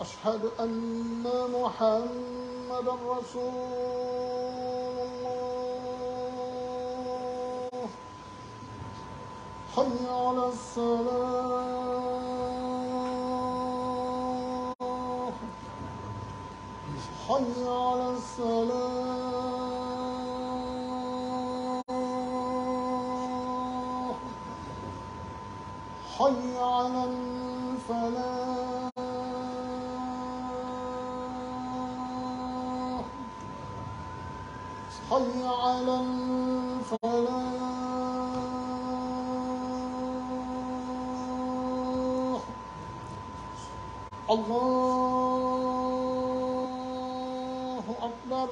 أشهد أن محمدا رسول الله حي على الصلاة حي على الصلاة حي على الفلاح حي على الفلاح الله أكبر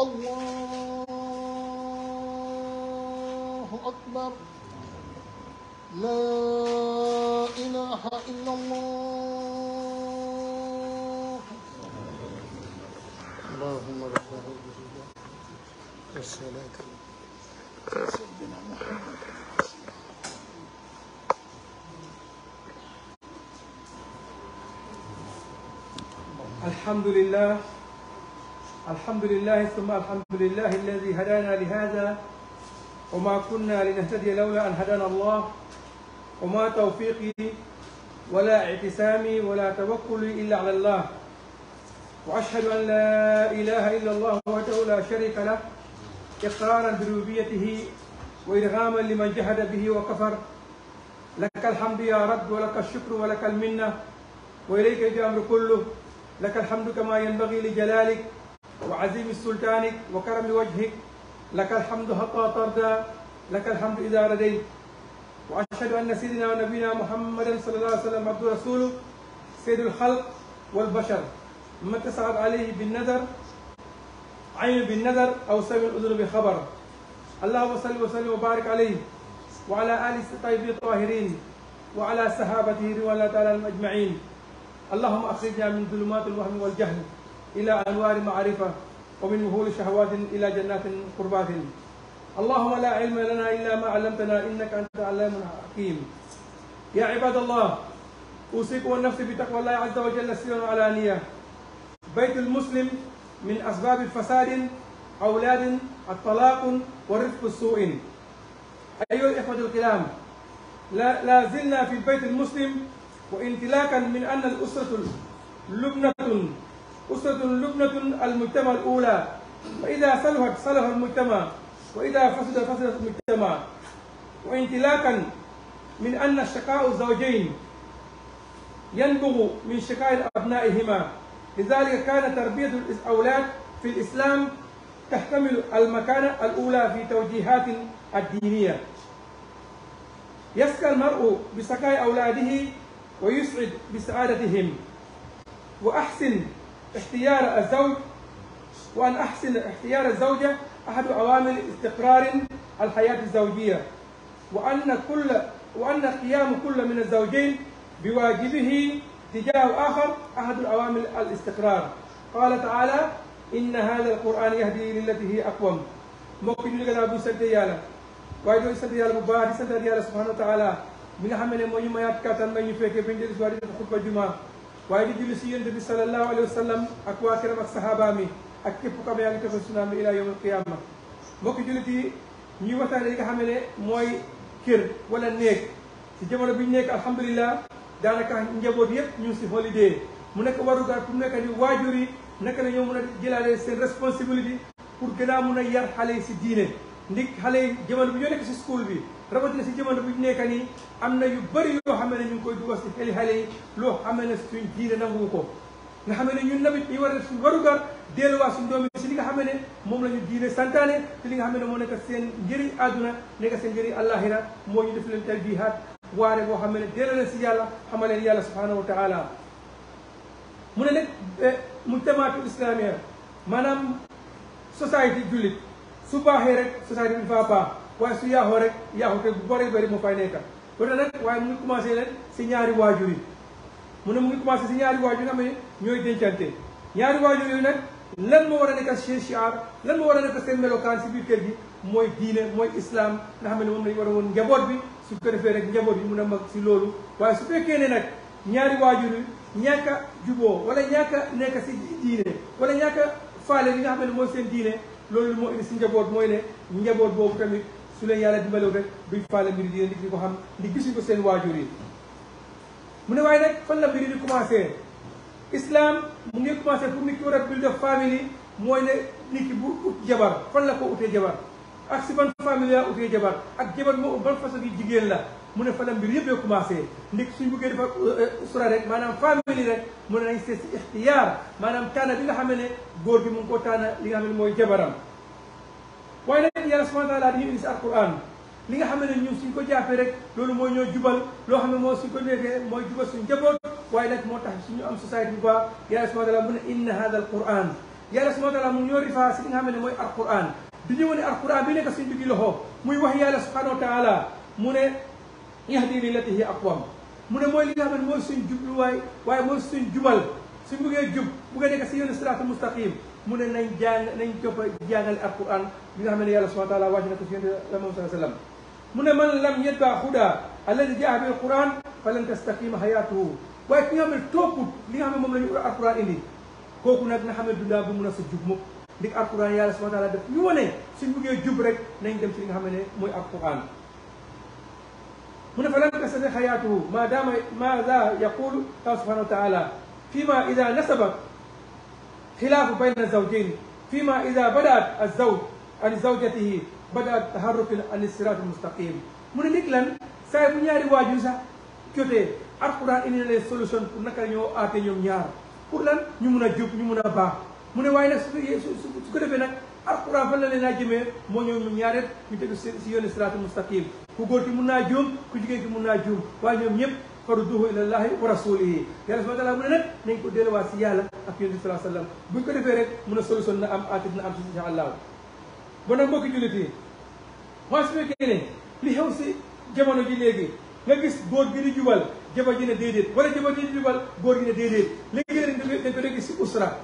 الله أكبر لا إله إلا الله اللهم لك الحمد والصلاة سيدنا محمد الحمد لله الحمد لله ثم الحمد لله الذي هدانا لهذا وما كنا لنهتدي لولا أن هدانا الله وما توفيقي ولا اعتسامي ولا توكلي إلا على الله وأشهد أن لا إله إلا الله وحده لا شريك له إقرارا بربوبيته وإرغاما لمن جحد به وكفر لك الحمد يا رب ولك الشكر ولك المنة وإليك الأمر كله لك الحمد كما ينبغي لجلالك وعزيم سلطانك وكرم وجهك لك الحمد حتى ترضى لك الحمد إذا رديت وأشهد أن سيدنا ونبينا محمدا صلى الله عليه وسلم عبد رسوله سيد الخلق والبشر من تسعد عليه بالنذر عين بالنذر أو سمع الأذن بخبر اللهم صل وسلم وبارك عليه وعلى آل الطيبين الطاهرين وعلى صحابته رضوان الله تعالى أجمعين اللهم أخرجنا من ظلمات الوهم والجهل إلى أنوار المعرفه ومن مهول شهوات إلى جنات قربات اللهم لا علم لنا إلا ما علمتنا إنك أنت علام حكيم يا عباد الله أوصيكم والنفس بتقوى الله عز وجل سيرا وعلانية بيت المسلم من أسباب الفساد أولاد الطلاق والرفق السوء أيها الإخوة الكرام لا زلنا في البيت المسلم وانطلاقا من أن الأسرة لبنة أسرة لبنة المجتمع الأولى فإذا صلحت صلح المجتمع وإذا فسد فسد المجتمع وانطلاقا من أن شقاء الزوجين ينبغ من شقاء أبنائهما لذلك كان تربية الأولاد في الإسلام تحتمل المكانة الأولى في توجيهات الدينية يسكى المرء بسكاء أولاده ويسعد بسعادتهم وأحسن اختيار الزوج وأن أحسن اختيار الزوجة أحد عوامل استقرار الحياة الزوجية وأن كل وأن قيام كل من الزوجين بواجبه اتجاه اخر احد العوامل الاستقرار قال تعالى ان هذا القران يهدي للتي هي اقوم ممكن يقول ابو سنت يالا وايدو سنت يالا بو باه سنت يالا سبحانه وتعالى من حمل مو يما يات كاتان ما ني فيكي بين ديس واري خطبه جمعه وايدو جيل سي يند بي صلى الله عليه وسلم اكوا كرم الصحابه مي اكيب كو بيان تي الى يوم القيامه ممكن يقول تي ني واتا ليك حمل موي كير ولا نيك في جمره بي نيك الحمد لله daanaka njaboot yëpp ñu ngi si holiday mu nekk warugar pour nekk ni waajur yi naka la ñoo mën a jëlaale seen responsabilité pour gën a mun a xale yi si diine ndig xale jamono bi ñoo nekk si school bi rawatina si jamono bu ñu nekk nii am na yu bëri yoo xam ne ñu ngi koy dugal si xeli xale loo xam ne suñ diine nangu ko nga xam ne ñun tamit ñu war a def suñ warugar delluwaat suñ doomi si nga xam ne moom la ñu diine li nga xam ne moo nekk seen njëriñ àdduna nekk seen njëriñ àllaaxira moo ñu def leen tarbiyaat waare boo xam ne delloo na si yàlla xamal leen yàlla subhanahu wa taala mu ne nag eh, mujtamaatu islamiya maanaam société jullit su baaxee rek société bi faa baax waaye su yaaxoo rek yaaxu te bu bëri bari moo fay nekka loolu nag waaye mu ngi commencé nag si ñaari waajur yi mu ne mu ngi commencé si ñaari waajur yi nga xam ne ñooy dencante ñaari waajur nag lan moo war a nekk seen siyaar lan moo war a nekk seen melokaan si biir kër gi mooy diine mooy islam nga xam ne moom lañu war woon njaboot bi su ko defee rek njaboot yi mun a mag si loolu waaye su fekkee ne nag ñaari waajur yi ñàkk a juboo wala ñàkk a nekk si diine wala ñàkk a faale li nga xam ne mooy seen diine loolu moo indi si njaboot mooy ne njaboot boobu tamit su leen yàlla dimbalew rek duñ faale mbiri diine nit ko xam ndi gisuñ ko seen waajur yi mu ne waaye nag fan la mbiri di commencé islam mu ngi commencé pour nit ki war a build family mooy ne nit bu ut jabar fan la ko utee jabar ak si ban famille laa jabar ak jabar mo ban façon yi jigéen la mu ne fa la mbir yëpp commencé ndiki suñu bëgge defar usra rek manam family rek mu ne nañ seet si ixtiyaar maanaam tànn bi nga xam góor bi mu ko koo li nga xam moy jabaram way nak yàlla subhanahu wa taala di indi ci alquran li nga xam ñu suñ ko jàppee rek lolu moy ñoo jubal lo xamne mo suñ ko nekkee moy jubal suñ njaboot way nak mo tax suñu am society bu baax yàlla subhanahu wa taala mu ne inna hadha alquran yàlla subhanahu wa taala mu ñoo rifaa si li nga xam ne alquran di ñu wane alquran bi nekk suñ diggi loxo muy wax yàlla subhanahu wa taala mu ne yahdi lillati hiya aqwam mu ne mooy li nga xam ne mooy suñ jubluwaay waaye mooy suñ jubal suñ bëggee jub bëggee nekk si yoonu siraatal mustaqim mu ne nañ jàng nañ topp jàngale alquran bi nga xam ne yàlla subhanahu wa taala wàcc na ko si yéen moom sallallahu alayhi wasallam mu ne man lam yetbaa huda alladi jaa bil quran fa lan tastaqima hayatuhu waaye ki nga xam ne topput li nga xam ne moom la ñu alquran indi kooku nag nga xam ne dundaa bu mun a sa jub mukk ndig alquran yàlla subhana taala daf ñu wane suñ buggee jub rek nañ dem si li nga xam ne mooy alquran mu ne fa lan tasati xayaatuhu ma daama ma za yaqulu allah subhanahu wa taala fi ma ida nasaba xilaafu bayna zawjain fi ma ida badaat azawj an zawjatihi badaat taharrukin an sirat almustaqim mu ne nit lan saay bu ñaari waajur sax jotee alquran indi na leen solution pour naka ñoo aate ñoom ñaar pour lan ñu mun a jub ñu mun a baax mu ne waaye na su ko su ko defee nag alquran fan la leen naa jëmee moo ñëw ñu ñaareel ñu teg si yoonu siraatu mustaqim ku góor ki mun naa juum ku jigee ki mun naa juum waaye ñoom ñëpp farudduhu ila llahi wa rasulihi yàlla subhanahu wa taala mu ne nag nañ ko delluwaat si yàlla ak yonent bi sallallahu alayhi wa sallam buñ ko defee rek mun a solution na am aati na si insha allah li xew si jamono ji léegi nga gis góor gi di jubal jabar ji ne déedéet wala jabar ji di jubal góor gi ne déedéet léegi nag dañ ko gis si usra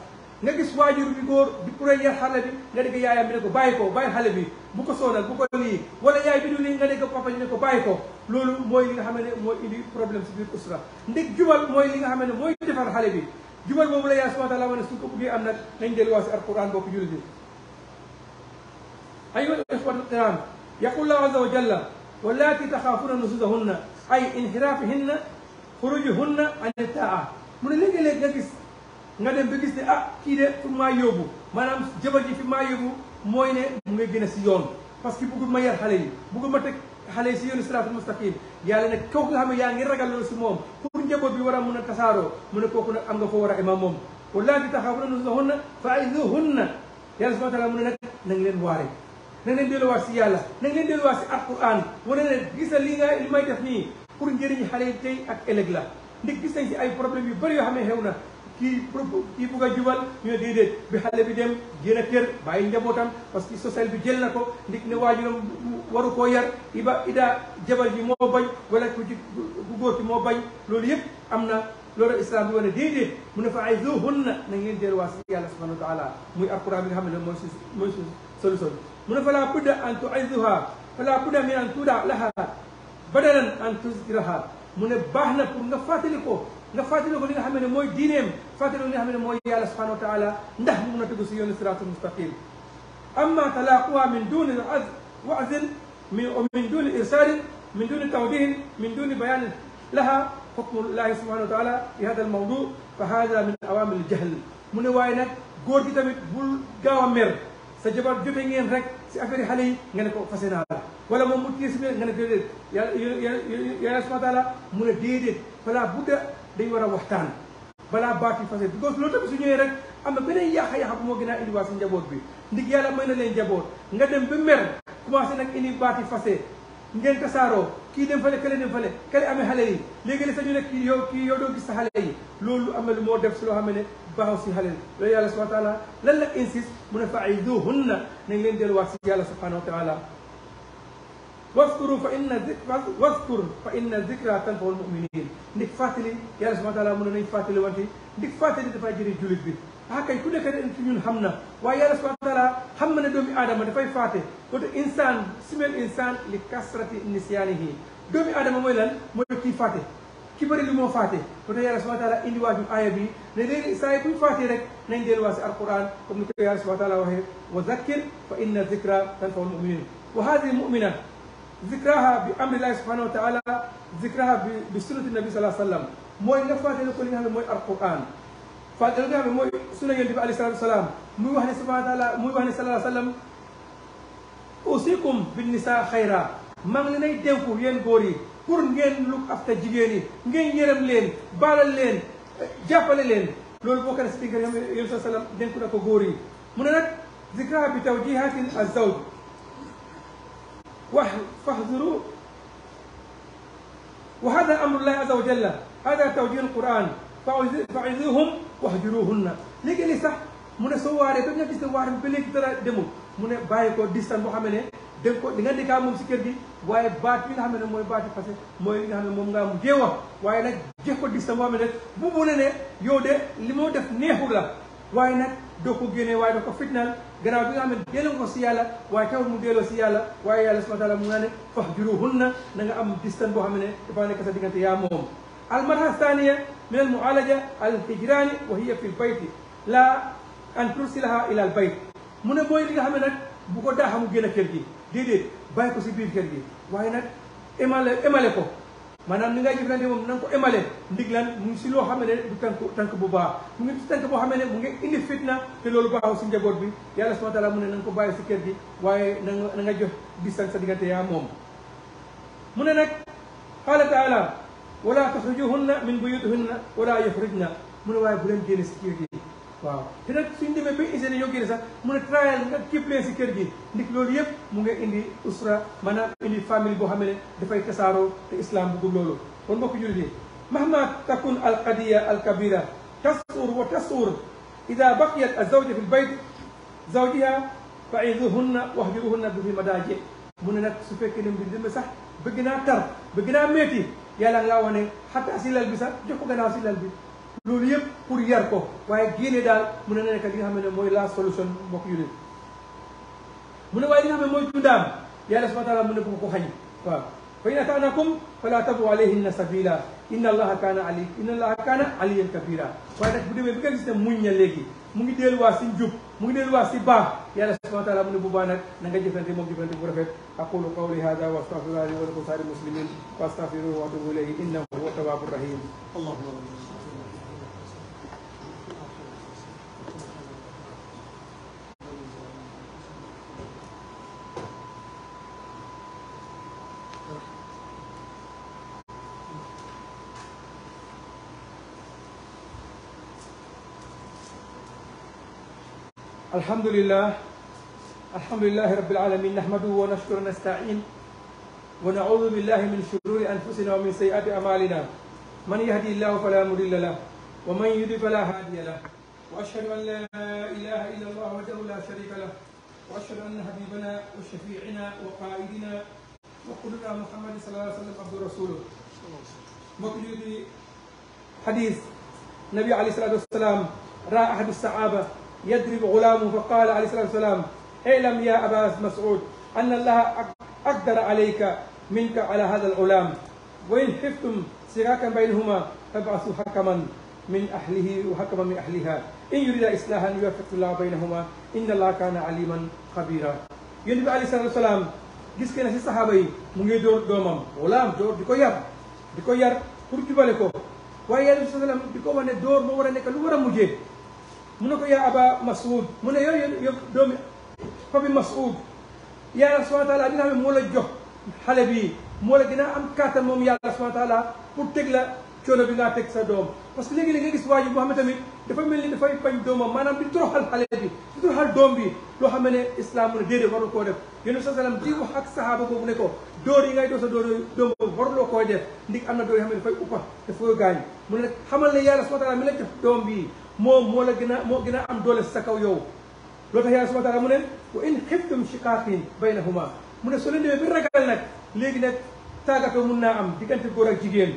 nga gis waajur bi góor di kuréel yar xale bi nga dégg yaayam bi ne ko bàyyi ko bàyyi xale bi bu ko soonal bu ko lii wala yaay bi du lii nga dégg papa ñu ne ko bàyyi ko loolu mooy li nga xam ne mooy indi problème si biir usra ndeg jubal mooy li nga xam ne mooy defar xale bi jubal boobu la yaay subhana taala wane suñ ko bëggee am nag nañ delluwaa si alquran bokk jullit yi ayuha ixwatu kiram yaqul llahu azza wa jalla wallaati taxaafuna nusuzahunna ay inxiraafihinna xurujuhunna an ittaa mu ne léegi-léeg nga gis nga dem ba gis ne ah kii de pour maa yóbbu maanaam jabar ji fi maa yóbbu mooy ne mu ngay gën a si yoon parce que bëggul ma yar xale yi bëggul ma teg xale yi si yoonu siraatul mustaqim yàlla ne kooku nga xam ne yaa ngi ragal si moom pour njaboot bi war a mun a tasaaroo mu ne kooku nag am nga foo war a imaam moom wallaati taxaawuna nusuhunna fa'izuhunna yàlla subhanahu wa taala mu ne nag na ngi leen waare na ngeen delluwaat si yàlla na ngeen delluwaat si alquran wane ne gisal li nga li may def nii pour njëriñ xale yi tey ak ëllëg la ndax gis nañ si ay problème yu bëri yoo xam ne xew na kii propos kii bugg a jubal ñu ne déedéet bi xale bi dem génn kër bàyyi njabootam parce que social bi jël na ko ndig ne waajuram waru koo yar iba ida jabar ji moo bañ wala ku ji ku góor ki moo bañ loolu yëpp am na loolu islam bi wane déedéet mu ne fa ay zohunna na ngeen delluwaat si yàlla subhanahu wa taala muy alquran bi nga xam ne mooy su mooy su solution bi mu ne fa laa budda an tuizuha fa laa budda min an tuuda laha badalan an tuzkiraha mu ne baax na pour nga fàttali ko nga fàttaliku li nga xam ne mooy diineem fàttaliku li nga xam ne mooy yàlla subhanahu wa taala ndax mu mën a dugg si yoonu siraatul mustaqim amma talaaquha min duni wazin min min duni irsaadin من دون توضيح من دون بيان لها حكم الله سبحانه وتعالى في هذا الموضوع فهذا من عوامل الجهل mu ne waaye nag góor gi tamit bul gaaw a mer sa jabar jote ngeen rek si affaire yi xale yi nga ne ko fase naa la wala moom mu tiis nga ne déedéet yàlla yàlla subhanahu wa taala mu ne déedéet fala budda dañ war a waxtaan balaa baat yi fase because loolu tamit su ñëwee rek am na beneen yàq-yàq bu moo gën a indiwaat si njaboot bi ndig yàlla may na leen njaboot nga dem ba mer commencé nag indi baat yi fase ngeen tasaaroo kii dem fale kale dem fale kale amee xale yi léegi-léeg sax ñu ne kii yow kii yow doo gis sa xale yi loolu am na lu moo def si loo xam ne baaxul si xale loolu yàlla subhanahu wa taala lan la insiste mu ne fa aiduhunna nañ leen delluwaat si yàlla subhanahu wa taala واذكروا فان الذكر واذكر فان الذكرى تنفع المؤمنين نك فاتلي يا سبحان الله من نك فاتلي وانت نك فاتلي دفاي جري جولي بي هاكا يكون لك ان في نون همنا ويا سبحان الله همنا دومي ادم دفاي فاتي كنت انسان سمين انسان لكسرة نسيانه دومي ادم مويلان موي كي فاتي كي بري لي مو فاتي كنت يا سبحان الله اندي واجو ايا بي نيري ساي كوي فاتي رك نندير واسي القران كم يا سبحان الله وذكر فان الذكرى تنفع المؤمنين وهذه المؤمنه ذكرها بأمر الله سبحانه وتعالى ذكرها بسنة النبي صلى الله عليه وسلم موي نفاتي لكل هذا موي القرآن فاتلقى بموي سنة النبي عليه الصلاة والسلام موي وحني سبحانه وتعالى موي وحني صلى الله عليه وسلم أوصيكم بالنساء خيرا ما لنا يدنكو ين غوري pour ngeen look after jigéen yi ngeen yërëm leen baalal leen jàppale leen loolu boo ko def si ngeen yëpp yëpp sa salaam dénk na ko wax fahzuru wa hada amrullahi azza wa jalla hada tawjih alquran fa'izuhum wahjuruhunna léegi li sax mu ne soo waaree daf nga gis ne waar bi ba léegi dara demul mu ne bàyyi ko distance boo xam ne da nga ko di nga nekkaa moom si kër gi waaye baat bi nga xam ne mooy baat parce que mooy li nga xam ne moom ngaa mu jee wax waaye nag jeex ko distance boo xam ne bu mu ne ne yow de li moo def neexul la waaye nag doo ko génnee waaye doo ko fitnaal gannaaw bi nga xam ne delloo ko si yàlla waaye tawul mu delloo si yàlla waaye yàlla subhana taala mu nga fahjuruhunna na nga am distance boo xam dafa nekk sa diggante yaa moom almarha thaniya min al mualaja al hijrani wa hiya fi lbayti la an tursilaha ila al bayt mu ne mooy li nga xam ne nag bu ko daaxamu génn kër gi déedéet bàyyi ko si biir kër gi waaye émale émale ko maanaam ni nga jëflante moom na nga ko émale ndig mu si loo xam ne du tànk tànk bu baax mu ngi si tànk boo xam ne mu ngi indi fitna te loolu baaxul si njaboot bi yàlla subhanahu wa taala mu ne na ko bàyyi si kër gi waaye na nga na nga jox distance sa diggante yaa moom mu ne nag walaa na taala wala taxrujuhunna min buyutihinna wala yuxrijna mu ne waaye bu leen génne si kër gi waaw te nag suñ demee ba inse sax mun a travail nga si kër gi ndik loolu yëpp mu nga indi usra maanaam indi famille boo xam ne dafay tasaaroo te islam bëggul loolu kon mbokk jullit yi mahma takun alqadiya alkabira tasur wa tasur ida baqiyat azawja fi lbayt zawjiha fa iduhunna wahjuruhunna bi madaje mu ne nag su fekkee ne mbir demee sax bëgg naa tar bëgg naa métti yàlla nga wane xataa si lal bi sax jox ko gannaaw si lal bi loolu yëpp pour yar ko waaye génne daal mun na nekk li nga xam ne mooy la solution mbokk yu leen mu ne waaye li nga xam ne mooy tundaam yàlla subhana taala mun ne bu ko xañ waaw fa in ataanakum fala tabu alayhinna sabila inna allaha kaana ali inna allaha kaana aliyan kabira waaye nag bu demee bi nga gis ne muñ na léegi mu ngi delluwaat si njub mu ngi delluwaat si baax yàlla subhana taala mu ne bu baax nag na nga jëfante moom jëfante bu rafet aqulu qawli hada wa astaghfirullahi wa lakum saari muslimin wa wa atubu ilayhi innahu الحمد لله الحمد لله رب العالمين نحمده ونشكر ونستعين ونعوذ بالله من شرور أنفسنا ومن سيئات أعمالنا من يهدي الله فلا مضل له ومن يضلل فلا هادي له وأشهد أن لا إله إلا الله وحده لا شريك له وأشهد أن حبيبنا وشفيعنا وقائدنا وقلنا محمد صلى الله عليه وسلم عبد رسوله مقلوب حديث النبي عليه الصلاة والسلام رأى أحد الصحابة يضرب غلام فقال عليه الصلاة والسلام اعلم إيه يا أبا مسعود أن الله أقدر عليك منك على هذا الغلام وإن خفتم سراكا بينهما فابعثوا حكما من أهله وحكما من أهلها إن يريد إصلاحا يوفق الله بينهما إن الله كان عليما خبيرا yonent عليه الصلاه والسلام gis ke ne si saxaaba yi mu ngi dóor doomam walaam dóor di yar di yar pour jubale ko dóor lu mun ne ko yaa aba mas'ud mu ne yooyu yow doomi fabi mas'ud yàlla subhana taala bi nga a ne moo la jox xale bi moo la gën a am kàttan moom yàlla subhana taala pour teg la coono bi ngaa teg sa doom parce que léegi-léegi nga gis waa ji boo xam ne tamit mel ni dafay bañ doomam maanaam di bi loo xam ne islam mu ne déedéet waru koo def yéen sa salam di wax ak sahaaba boobu ne ko dóor yi ngay doo sa dóor doom waruloo koy def ndig am na dóor yoo xam ne dafay uppa dafay gaañ mu ne xamal ne yàlla subhana taala mi la jox doom bi moom moo la gën a moo gën a am doole sa kaw yow loolu tax yàlla subhaanahu wa taala mu ne wa in xiftum shiqaaqin baynahuma mu ne soo leen demee bi ragal nag léegi nag tàggatoo mun naa am diggante góor ak jigéen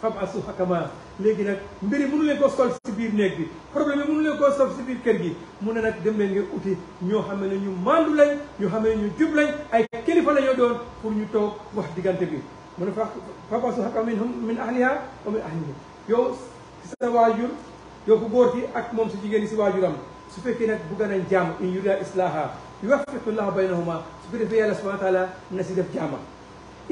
fam asu hakama léegi nag mbiri munu leen koo sol ci biir néeg bi problème yi mënu koo sol si biir kër gi mu ne nag dem leen ngeen uti ñoo xam ne ñu mandu lañ ñoo xam ne ñu jub lañ ay kilifa la ñoo doon pour ñu toog wax diggante bi mu ne fa fam asu hakama min ahliha wa min ahlihi yow sa waajur يوكو غورتي اك موم سي جيجيني سي واجورام سو فيكي نك بوغانا نجام ان يريد اصلاحا يوفق الله بينهما سو بيد في الله سبحانه وتعالى نسي ديف جاما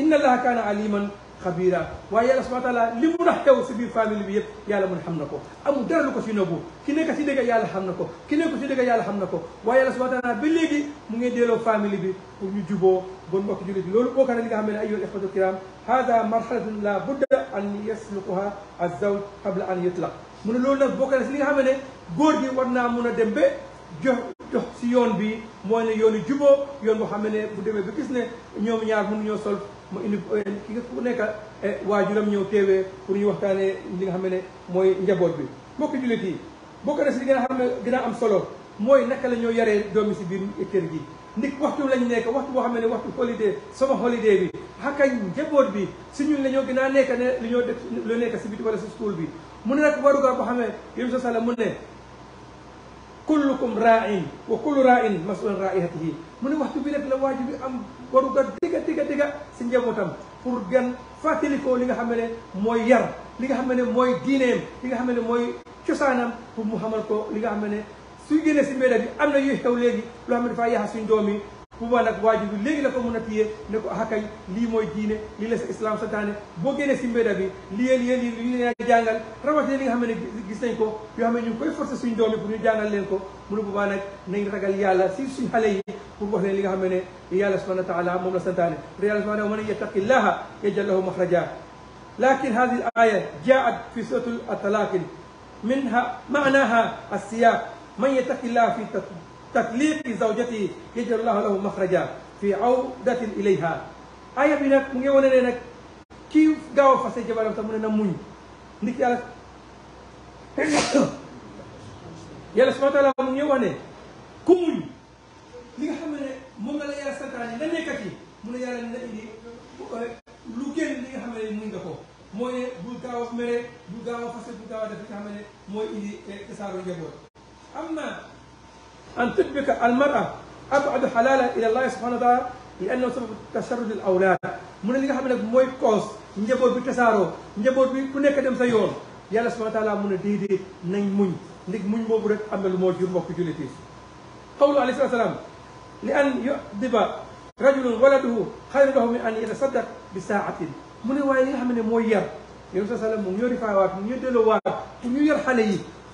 ان الله كان عليما خبيرا ويا الله سبحانه وتعالى لي مو راه تاو سي فاميلي بي ييب يالا مون خام نكو امو دار لوكو سي نوبو كي نيك سي ديغا يالا خام نكو كي نيك سي ديغا يالا خام نكو ويا الله سبحانه وتعالى بي ليغي مو ngi ديلو فاميلي بي بور ني جوبو بون بوك جوليت لولو بوكا ني خا ميني ايو الاخوه الكرام هذا مرحله لا بد ان يسلكها الزوج قبل ان يطلق mu ne loolu nag bokk na si li nga xam ne góor gi war naa mun a dem ba jox jox si yoon bi mooy ne yoonu juboo yoon boo xam ne bu demee ba gis ne ñoom ñaar mënu ñoo sol mu indi eh, ki nga ku nekk eh, waajuram ñëw teewee pour ñu waxtaanee li nga xam ne mooy njaboot bi mbokk jullit yi bokk na si li nga xam ne gën a am solo mooy naka la ñoo yaree doomi si biir kër gi ndik waxtu lañ nekk waxtu boo xam ne waxtu holiday sama holiday bi xakañ njaboot bi si ñun la ñoo gën a nekk li ñoo de lu nekk si biti wala si school bi mu ne nag waruga boo xam ne yém sa sala ne kullukum ra'in wa kullu ra'in mas'ulun ra'iyatihi mu ne waxtu bi rek la waaju bi am waruga digga digga digga si njabootam pour gan fàttalikoo li nga xam ne mooy yar li nga xam ne mooy diineem li nga xam ne mooy cosaanam pour mu xamal ko li nga xam ne سيجينا سيمبلا دي أمنا يهتو لدي لو أمر فاي حسن دومي كوبا لك واجب لدي لك أمونا فيه نكو هكاي لي موي دين لي لس إسلام ستانة بوجينا سيمبلا دي لي لي لي لي لي لي جانغال رواتي لي هم اللي جسنا يكو في هم اللي يكوي فرصة سين دومي بني جانغال لينكو منو كوبا لك نين رجال يالا سين سين حالي كوبا لين لي هم اللي يالا سبحانه تعالى مولا ستانة ريال سبحانه ومن يتق الله يجعل له مخرجا لكن هذه الآية جاءت في سورة الطلاق منها معناها السياق man yattaqillaaha fi tatliqi zawjatihi yajal llaahu lahu maxraja fi awdatin ilayha aaya bi nag mu ngi wane ne nag kii gaaw a fase jabaram sax mu ne na muñ ndik yàlla yàlla subhaana taala mu ngi wax ne ku muñ li nga xam ne moom la la yàlla santaane la nekkat yi mu ne yàlla dina indi lu génn li nga xam ne muñ nga ko mooy ne bul gaaw a mere bul gaaw a fase bul gaaw a def li nga xam ne mooy indi eh, tasaaroo njaboot أما أن تدرك المرأة أبعد حلالا إلى الله سبحانه وتعالى لأنه سبب تشرد الأولاد من اللي حملك موي كوس نجبو بي تسارو نجبو بي كنا كدم سيون يا سبحانه وتعالى من دي دي نين موي نيك موي مو بريك أمل مو جير مو قول عليه الصلاة والسلام لأن يؤدب رجل ولده خير له من أن يتصدق بساعة من اللي حملك موي يا الله سبحانه وتعالى من يرفع وات من يدلو وات من يرحل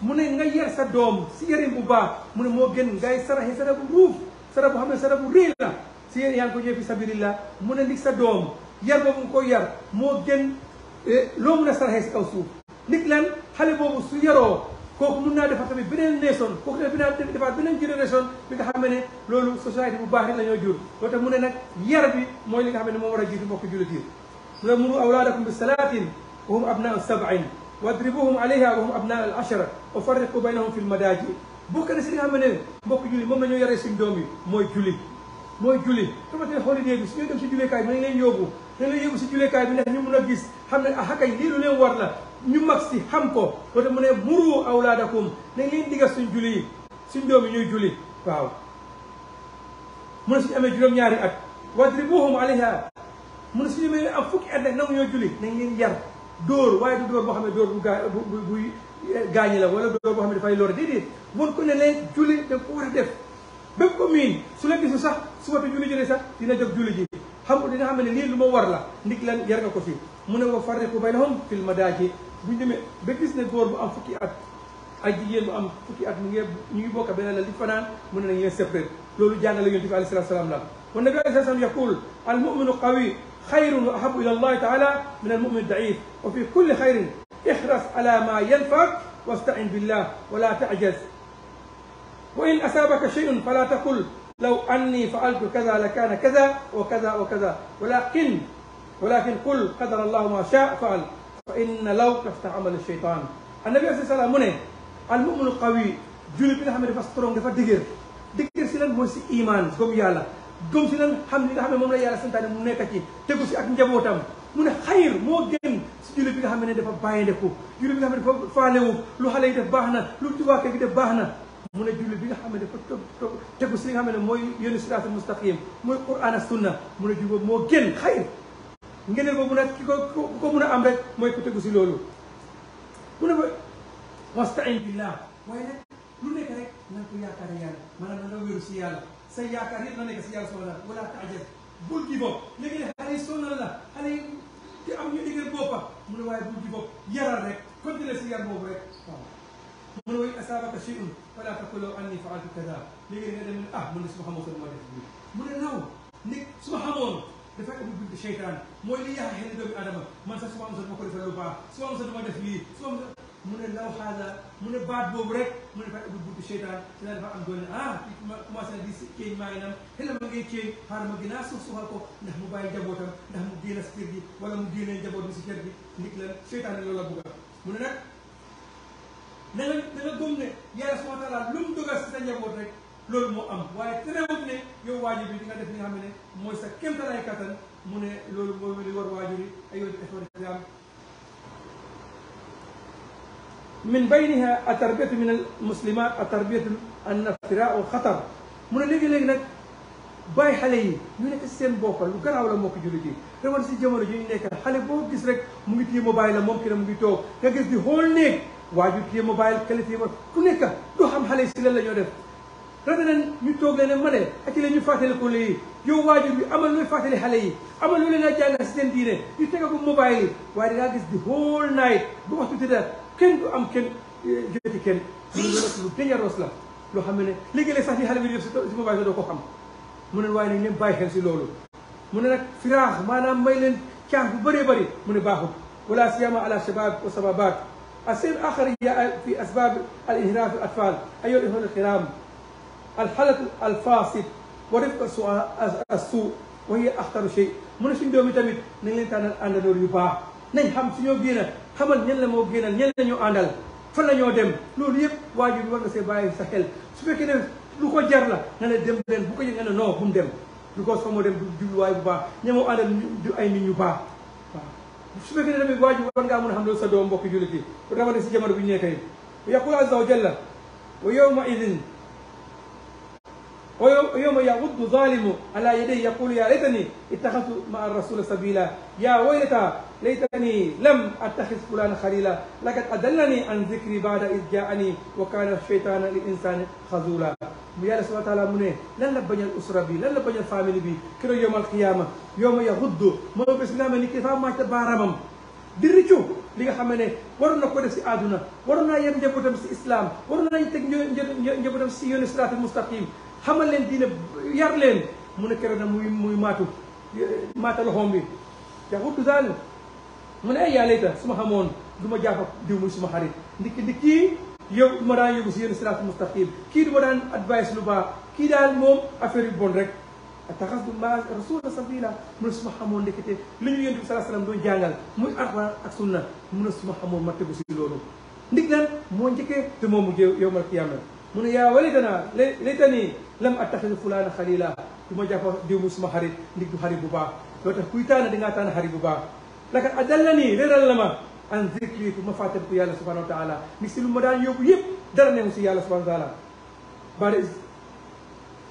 mu ne nga yar sa doom si yarin bu baax mu ne moo gën ngay saraxe sarax bu ruuf sarax bu xam ne sarax bu rëy la si yéen yaa ngi ko jëf fi sabilillah mu ne ndig sa doom yar boobu nga ko yar moo gën eh, loo mun ne saraxe si kaw suuf lan xale boobu su yaroo kooku mun naa defar tamit beneen nation kooku tamit mun naa defaat bi nga xam ne loolu société bu baax rek la ñoo jur mu ne na yar bi mooy li nga xam ne moom war a jiitu mbokk jullit yi mu ne muru awlaadakum bi salaatin wa hum abnaau sab'in واضربوهم عليها وهم ابناء العشره وفرقوا بينهم في المداجع بوك انا سيري خامني بوك جولي موم لا يري سين دومي موي جولي موي جولي تما تي خولي دي بس نيو سي كاي ماني لين يوبو تي لين يوبو كاي بي نيو مونا غيس خامني اها كاي لي لو لين وار لا ني ماكسي اولادكم ني لين ديغا سين جولي سين دومي نيو جولي واو مون سي امي جوم ياري ات واضربوهم عليها مون سي امي افوك ادنا نيو جولي ني لين يار dóor waaye du dóor boo xam ne dóor bu gaa bu buy eh, gaañi la wala dóor boo xam ne dafay lor déedéet won ko ne leen julli da ko war a def bépp ko miin su la gisu sax suba te julli jëlee sax dina jox julli ji xam nga dina xam ne lii lu ma war la ndig lan yar nga ko fi mu ne wa farriqu baynahum fil madaaji buñu demee ba gis ne góor bu am fukki at ak jigéen bu am fukki at ñu ngi ñu ngi bokk beneen la di fanaan mu ne nañ leen séparé loolu jàngale yonent bi alayhi salaam la wa nabi alayhi salaam yaqul al muminu qawi خير واحب الى الله تعالى من المؤمن الضعيف وفي كل خير احرص على ما ينفعك واستعن بالله ولا تعجز وان اصابك شيء فلا تقل لو اني فعلت كذا لكان كذا وكذا وكذا ولكن ولكن قل قدر الله ما شاء فعل فان لو تفتح عمل الشيطان النبي عليه الصلاه والسلام mu المؤمن القوي qawi jullit bi nga xam ne dafa strong dafa dëgër dëgër gëm si nan xam li nga xam ne moom la yàlla santaane mu nekk ci tegu si ak njabootam mu ne xayir moo gën si jullit bi nga xam ne dafa ko jullit bi nga xam ne dafa faalewu lu xale yi def baax na lu ci waa kër na mu bi nga xam ne fa toog tegu si li nga xam ne mooy yoonu siraatul mustaqim mooy quran ak sunna mu ne jullit moo gën xayir ngeneen ko mun a ki ko ko mun a am mooy ku tegu si loolu mu ne ko wastain billah waaye nag lu nekk rek na ko yaakaare yàlla maanaam na nga wéru si yàlla sa yaakaar yëpp na nekk si yàlla subhanahu wa wala taajal bul gi bopp léegi ne xale yi sonal la xale yi te am ñu digal boppa mu ne waaye bul gi bopp yaral rek continuer si yar boobu rek waaw mu ne way asaabaka shay'un fala taqul anni fa'altu kada léegi nga dem ah mu ne su ma xamoon moo def lii mu ne naw nit su ma xamoon dafay am bunt seytaan mooy li yàq xel doomi adama man sax su ma am sax ma ko defee lu baax su ma am sax du ma def lii su ma am mu ne law xaaza mu ne baat boobu rek mu ne fay ubbi buntu seytaan seytaan dafa am doole ah commencé na di ceeñ maa ngi nam xela ma ngay ceeñ xaaral ma gënaa suuf suufal ko ndax mu bàyyi njabootam mu génn si kër gi wala mu génnee njaboot bi si kër gi nit la seytaan loolu la bëgg mu ne nag na nga na nga gëm ne taala lu mu si sa njaboot rek loolu moo am waaye terewut ne yow waajur bi di nga def nga xam ne mooy sa kéemtalaay mu ne loolu mooy li war waajur yi ay من بينها التربية من المسلمات التربية النفراء والخطر من اللي يقول لك باي حالي من السين بوكال وكان أولا موك جولتي رمان سي جمال جيني نيكا حالي بوك جس لك موكي تي موبايل ممكن موكي تو كاكس دي هول نيك واجو تي موبايل كالي تي موبايل كو نيكا دو حم حالي سيلا لن يورف رادنا نتوغ لنا مالي حتي لن يفاتي لكو لي يو واجو بي أما لو يفاتي لحالي أما لو لنا جانا سين ديني يتنقى بو موبايل واجو كاكس دي هول نايت بوك تتدار كن أم كن جيتي كن كن يا رسول الله لو حملة لقي لسه في هالفيديو سبب بعيد دو كم من الوالدين لين باي هنسي لولو من الك فراغ ما نام ميلن كان بري بري من باهم ولا سيما على شباب وسبابات أسير آخر هي في أسباب الإهراف الأطفال أيها الإخوة الكرام الحالة الفاسد ورفق السوء وهي أخطر شيء من شنو يومي تمت نلين تانا أندور يباه nañ xam fi ñoo génn xamal ñen la moo génnal ñen la ñu àndal fan la ñoo dem loolu yëpp waajur war nga see bàyyi sa xel su fekkee ne lu ko jar la nga ne dem leen bu ko jël nga ne non bu mu dem lu ko soo dem du jubluwaay bu baax ña moo àndal du ay nit ñu baax waaw su fekkee ne tamit waajur war ngaa mën a xam loolu sa doom mbokk jullit yi rawatina si jamono bi ñu nekkee yaqul azza wa jalla wa yawma idin ويوم يغض ظالم على يديه يقول يا ليتني اتخذت مع الرسول سبيلا يا ويلتا ليتني لم اتخذ فلان خليلا لقد ادلني عن ذكري بعد اذ جاءني وكان الشيطان للانسان خذولا يا رسول الله تعالى من لا لبن الاسره بي لا لبن الفاميلي بي كرو يوم القيامه يوم يغد نعم ما بس نام ني كيفا ما تبارمم ديرتو ليغا خامني ورنا نكو ديف سي ادونا ورنا يم جيبوتام سي اسلام ورنا يتك جيبوتام سي يوني صراط المستقيم حمل لين دين يار لين من كرنا موي موي ماتو ماتو لخومبي يا خوتو زال mu ne ay yaa layta su ma xamoon du ma jàpp diw muy suma xarit ndikki kii yow du ma daan yóbbu si yéen siraat kii du ma daan advice lu baax kii daal moom affaire yu bon rek ataxas du ma rasula sabila mu ne su ma xamoon ndekete li ñu yonent bi salaa salaam doon jàngal muy alquran mu ne su ma xamoon ma tegu si loolu ndig lan moo njëkkee te moo mujjee yow mal qiyaama mu ne yaa walitanaa laytanii lam attaxidu fulaana xalila du ma jàpp diw muy suma xarit ndig du xarit bu baax loo tax kuy tànn di ngaa tànn xarit bu baax لكن أدلني لرا لما أن ذكري ثم فاتبك يا الله سبحانه وتعالى مثل ما دان يوب يب درني مسي يا الله سبحانه وتعالى بارز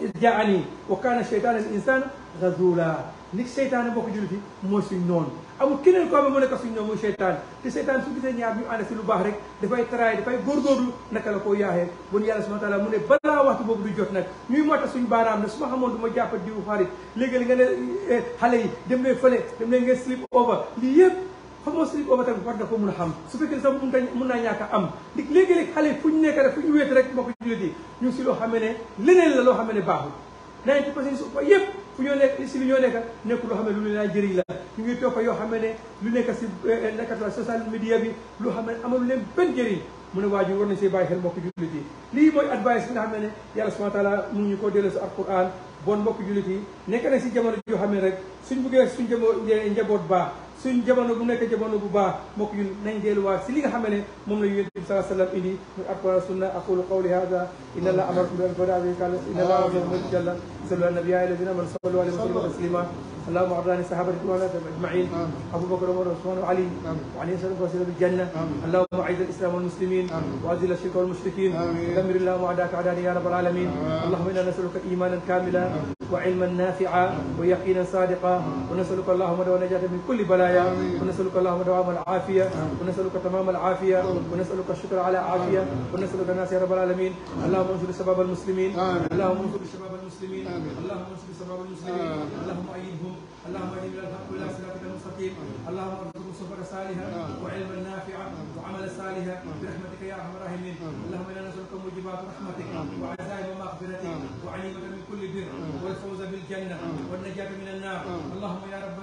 إذ جاءني وكان الشيطان الإنسان غزولا li seytaane bokk jullit yi mooy suñ noonu amul keneen koo xam mu nekk suñ noonu mooy seytaane te seytaane su gisee ñaar ñu ànd si lu baax rek dafay taraay dafay góorgóorlu naka la koo yaaxee bon yàlla subhana taala mu du jot nag ñuy moyta suñ baaraam ne su ma xamoon du ma jàppa diwu xarit léegi li nga ne eh, xale yi dem leen fële dem leen ko mun a xam su fekkee sax mun a am ndig léegi-léeg xale yi ñu nekk rek fu ñu si loo xamee ne leneen la loo xamee ne baaxul 90 pour yëpp fu ñoo nekk si li ñoo nekk nekk loo xam ne lu leen a jëriñ la ñu ngi toog yoo xam ne lu nekk si eh, eh, nekkata social media bi loo xam ne amalu leen benn jëriñ mu ne waajur war nañ see bàyyi xel mbokk jullit yi lii mooy advice bi nga xam ne yàlla subhana taala mu ñu ko delloo si alquran bon mbokk jullit yi nekk na si jamono joo xam ne rek su suñ buggee suñ jamoo njaboot baax suñ jamono bu nekk jamono bu baax mbokk yu nañ delluwaat si li nga xam ne moom la yonent bi sallallahu alayhi wa sallam indi muy alquran sunna aqulu qawli hada inna allah amarakum bi an tu'addu qala inna allah amarakum bi an jalla sallu ala nabiyyi alladhina amanu sallu alayhi wa sallimu taslima اللهم اغفر لنا صحابة رضوان اجمعين ابو بكر وعمر وعثمان وعلي وعلي سلم وسيله بالجنه اللهم اعز الاسلام والمسلمين واذل الشرك والمشركين دمر اللهم اعداءك اعداءنا يا رب العالمين اللهم انا نسالك ايمانا كاملا وعلما نافعا ويقينا صادقا ونسألك اللهم دعوة النجاة من كل بلايا ونسألك اللهم دوام العافية ونسألك تمام العافية ونسألك الشكر على عافية ونسألك الناس يا رب العالمين اللهم انصر شباب المسلمين اللهم انصر شباب المسلمين اللهم انصر شباب المسلمين اللهم أيدهم اللهم أيد الحق وإلى صراطك المستقيم اللهم ارزقهم سفر صالحا وعلما نافعا وعملا صالحا برحمتك يا أرحم الراحمين اللهم إنا نسألك موجبات رحمتك وعزائم مغفرتك وعليم بالبر آه. والفوز بالجنة آه. والنجاة من النار آه. اللهم يا رب